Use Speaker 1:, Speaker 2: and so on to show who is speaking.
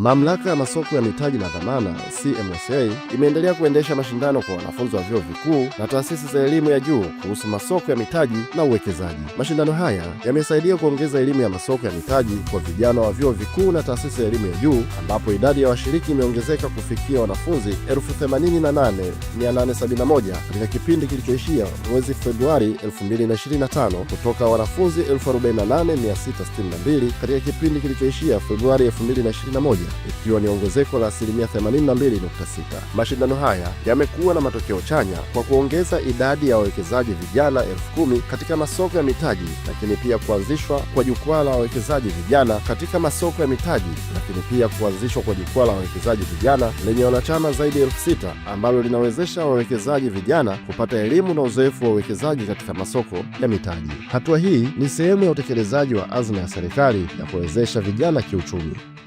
Speaker 1: Mamlaka ya masoko ya mitaji na dhamana CMSA imeendelea kuendesha mashindano kwa wanafunzi wa vyuo vikuu na taasisi za elimu ya juu kuhusu masoko ya mitaji na uwekezaji. Mashindano haya yamesaidia kuongeza elimu ya masoko ya mitaji kwa vijana wa vyuo vikuu na taasisi ya elimu ya juu, ambapo idadi ya washiriki imeongezeka kufikia wanafunzi 88,871 katika kipindi kilichoishia mwezi Februari 2025 kutoka wanafunzi 48,662 katika kipindi kilichoishia Februari 2021 ikiwa ni ongezeko la asilimia 82.6. Mashindano haya yamekuwa na matokeo chanya kwa kuongeza idadi ya wawekezaji vijana elfu kumi katika masoko ya mitaji, lakini pia kuanzishwa kwa jukwaa la wawekezaji vijana katika masoko ya mitaji, lakini pia kuanzishwa kwa jukwaa la wawekezaji vijana lenye wanachama zaidi ya elfu sita ambalo linawezesha wawekezaji vijana kupata elimu na uzoefu wa uwekezaji katika masoko ya mitaji. Hatua hii ni sehemu ya utekelezaji wa azma ya serikali ya kuwezesha vijana kiuchumi.